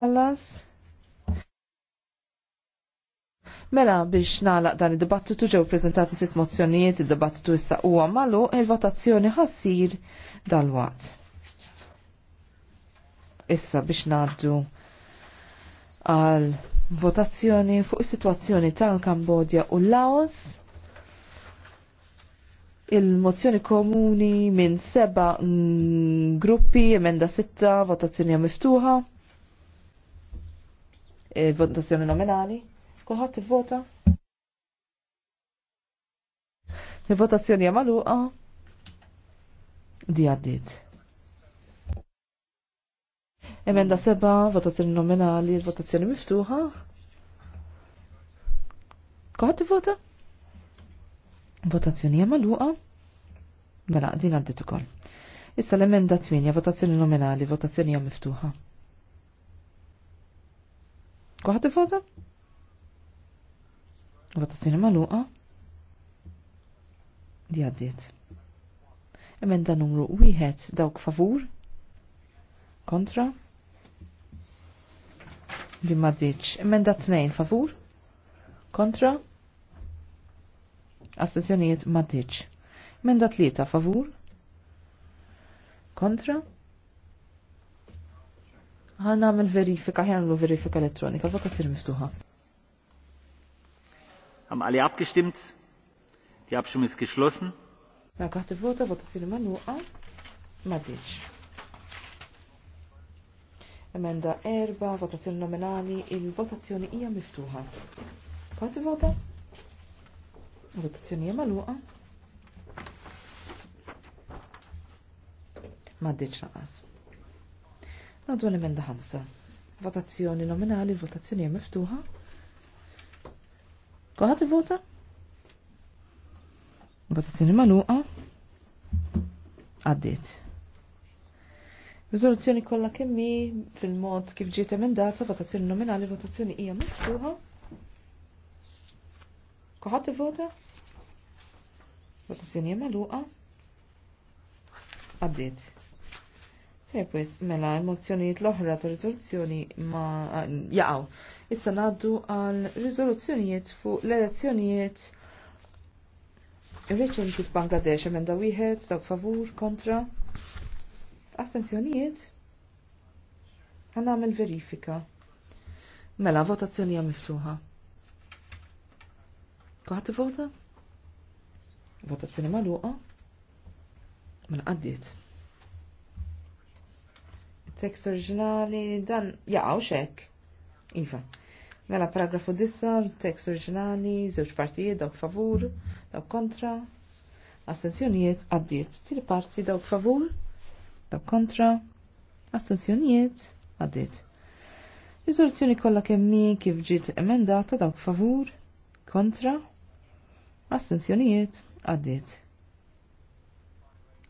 Allas. Mela biex nalaq dan id-dibattitu ġew prezentati sitt mozzjonijiet, id-dibattitu issa huwa malu il-votazzjoni ħassir dal-waqt. Issa biex ngħaddu għal votazzjoni fuq is-sitwazzjoni tal-Kambodja u Laos il-mozzjoni komuni minn seba mm, gruppi, emenda sitta, votazzjoni miftuħa votazzjoni nominali. Kulħadd vota Il-votazzjoni hija magħluqa. Di għaddiet. Emenda seba, votazzjoni nominali, votazzjoni miftuħa. Kulħadd vota Votazzjoni jamaluqa. magħluqa. Mela, din għaddiet ukoll. Issa l-emenda 8, votazzjoni nominali, votazzjoni hija miftuħa. Kuħat vota? Votazzjoni maluqa? Di għaddiet. Emenda numru wieħed dawk favur? Kontra? Di maddiċ. Emenda tnejn favur? Kontra? Astenzjonijiet maddiċ. Emenda tlieta favur? Kontra? Għan nagħmel verifika, ħjar għamil verifika elettronika, l-votazzjoni miftuħa. għali għab abgestimmt? Die Abstimmung ist geschlossen. Na kaħt vota votazzjoni magħluqa ma diċ. Emenda erba, votazzjoni nominali, il-votazzjoni hija miftuħa. Kaħt vota? Votazzjoni hija magħluqa. Ma diċ naqas. Nadu l-emenda 5. Votazzjoni nominali, votazzjoni hija miftuħa. Kulħadd ivota? Votazzjoni magħluqa. Għaddit. Riżoluzzjoni kollha kemm fil-mod kif ġiet emendata, votazzjoni nominali, votazzjoni hija miftuħa. il ivota? Votazzjoni hija magħluqa. Għaddit. Sejpwis, mela, mozzjonijiet l-oħra ta' rizoluzzjoni ma eh, jaqaw. Issa naddu għal rizoluzzjonijiet fuq l-elezzjonijiet reċenti f'Bangladesh, emenda wieħed, dawk favur, kontra. Astenzjonijiet? Għanna għamil verifika. Mela, votazzjoni għam miftuħa. Kuħat vota? Votazzjoni maluqa? Mela, għaddiet tekst oriġinali, dan jaqgħu xek. Iva. Mela paragrafu dissa, tekst oriġinali, żewġ partijiet dawk favur, dawk kontra, astenzjonijiet għaddiet. Tiri parti dawk favur, dawk kontra, astenzjonijiet għaddiet. Riżoluzzjoni kollha kemmi kif ġiet emendata dawk favur, kontra, astenzjonijiet għaddiet.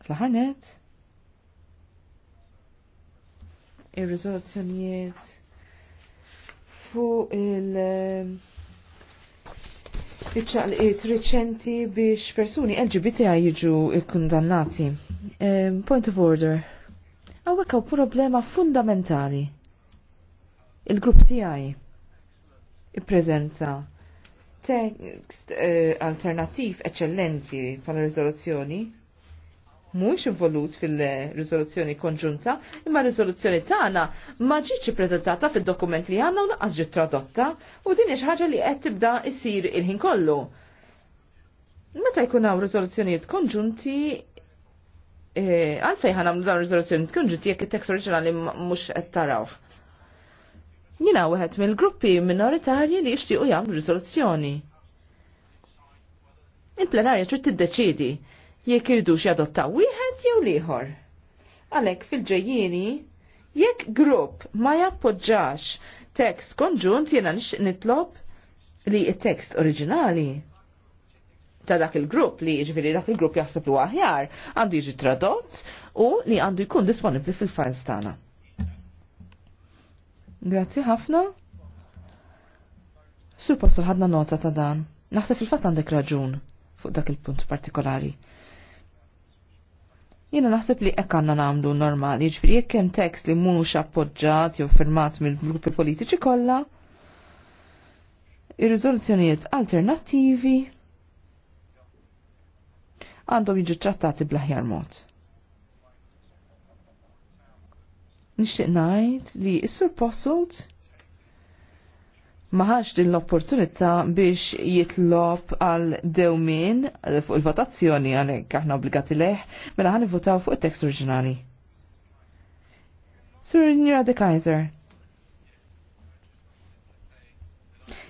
Fl-ħarnet, ir-riżoluzzjonijiet fuq il- eh, iċċaqliet riċenti biex persuni LGBT jiġu kundannati. Eh, point of order. Għawek għaw problema fundamentali. Il-grupp tijaj i-prezenta tekst eh, alternativ eccellenti pal-rizoluzzjoni mhux involut fil-riżoluzzjoni konġunta, imma riżoluzzjoni tagħna ma ġietx ippreżentata fid-dokument li għandna u laqas ġiet tradotta u din hija ħaġa li qed tibda jisir il-ħin kollu. Meta jkun hawn riżoluzzjonijiet konġunti, e, għalfejn ħan għamlu dawn riżoluzzjonijiet konġunti jekk it-tekst oriġinali mhux qed tarawh. Jina wieħed mill-gruppi minoritarji li jixtiequ jagħmlu riżoluzzjoni. Il-plenarja trid tiddeċiedi jekk irdu jadottaw wieħed jew liħor. Għalek fil-ġejjini, jekk grupp ma jappoġġax tekst konġunt jena nitlob li t tekst oriġinali ta' dak il-grupp li ġviri jiġifieri dak il-grupp jaħseb li aħjar għandu jiġi tradott u li għandu jkun disponibli fil-files tagħna. Grazzi ħafna. Sur passu ħadna nota ta' dan. Naħseb fil-fatt għandek raġun fuq dak il-punt partikolari. Jiena naħseb li hekk għandna nagħmlu normali, ġifieri jekk hemm tekst li mhux appoġġat jew firmat mill-gruppi politiċi kollha, ir-riżoluzzjonijiet alternattivi għandhom jiġu trattati bl-aħjar mod. Nixtieq ngħid li s-sur Posselt maħax din l-opportunità biex jitlob għal dewmin fuq il-votazzjoni għalek aħna obbligati leħ, mela ħan votaw fuq il-tekst oriġinali. Sur Nira de Kaiser.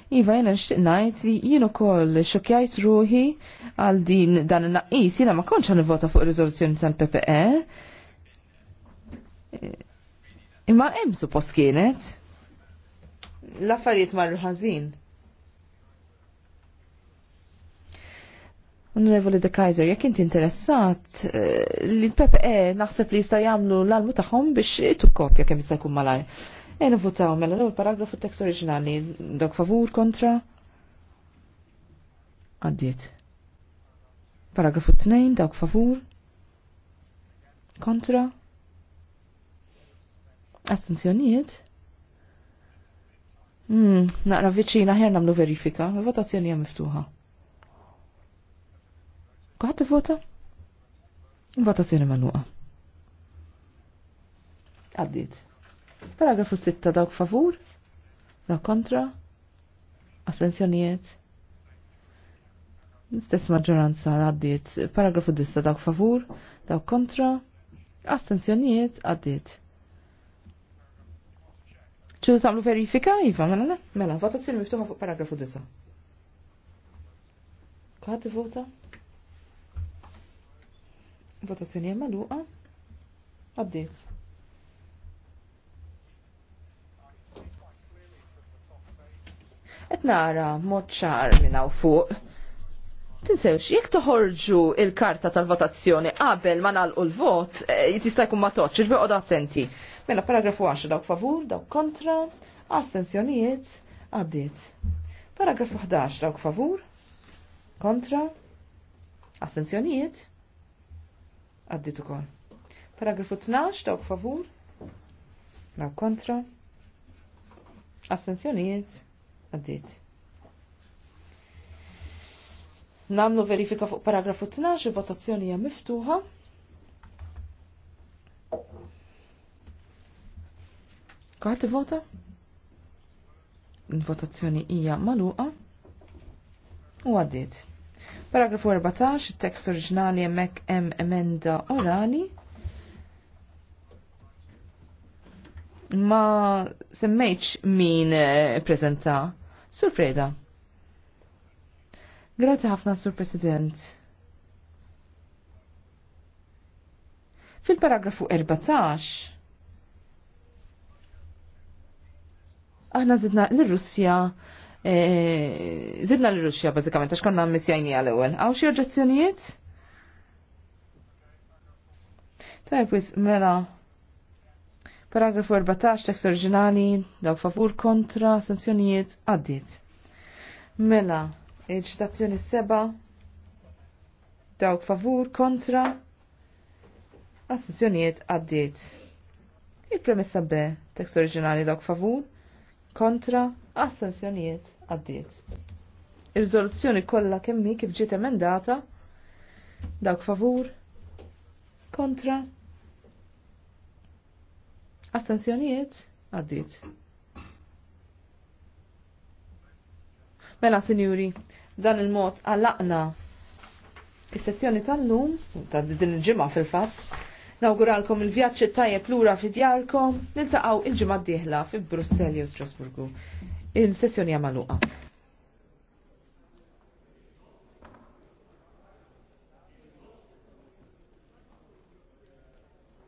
Iva jena nxtiq najt li jienu kol xokjajt ruħi għal din dan il-naqis jena ma konċa nivota fuq il-rizoluzzjoni tal-PPE. Imma hemm suppost kienet l-affarijiet marru ħażin. Onorevoli De Kaiser, jekk inti interessat, eh, li l-PPE naħseb li jista' jagħmlu l-almu tagħhom biex itu kopja kemm jista' jkun malaj. Ejn votaw mela l-ewwel paragrafu tekst oriġinali, dok favur kontra. Għaddiet. Paragrafu 2, dawk favur. Kontra. Astenzjonijiet. Mm, naqra viċina ħer namlu verifika, votazzjoni hija miftuħa. Kuħat vota? Votazzjoni magħluqa. Għaddiet. Paragrafu 6 dawk favur, dawk kontra, astenzjonijiet. Stess maġġoranza għaddiet. Paragrafu 10 dawk favur, dawk kontra, astenzjonijiet għaddiet ċu samlu verifika, Iva, mela ne? Mela, votazzjoni miftuħa fuq paragrafu 9. Kħat vota? Votazzjoni jemma luqa? Għaddit. Et nara mod ċar minna fuq. Tinsewx, jek toħorġu il-karta tal-votazzjoni qabel ma nalqu l-vot, eh, jtista' jkun ma toċ, irbeqgħod attenti. Mela paragrafu 10 dawk favur, dawk kontra, astenzjonijiet għaddit. Paragrafu 11 dawk favur, kontra, astenzjonijiet u ukoll. Paragrafu 12 dawk favur, dawk kontra, astenzjonijiet għaddit. Namlu verifika fuq paragrafu 12, votazzjoni hija miftuħa. Kħat vota? Il-votazzjoni hija maluqa u għaddit. Paragrafu 14, il-tekst oriġinali hemmhekk hemm emenda orali. Ma semmejtx min eh, prezenta. Sur Freda. Grazie ħafna, Sur President. Fil-paragrafu 14, aħna zidna l-Russja eh, zidna l-Russja bazzikament, għax konna missjajni għal-ewel. Għaw xie oġġezzjonijiet? Tajb, mela, paragrafu 14, tekst oriġinali, daw favur kontra, sanzjonijiet, għaddit. Mela, il-ċitazzjoni seba, daw favur kontra, assenzjonijiet, għaddit. Il-premessa B, tekst oriġinali, daw favur, kontra astensjonijiet għaddiet. Ir-riżoluzzjoni kollha kemmi kif ġiet emendata dawk favur kontra astensjonijiet għaddiet. Mela, sinjuri, dan il-mod għallaqna is-sessjoni tal-lum, ta' din il-ġimgħa fil-fatt, Nawguralkom il-vjaċċi tajjeb lura fi djarkom, niltaqgħu il-ġimgħa d-dieħla fi Brussell jew Strasburgu. In sessjoni għamaluqa.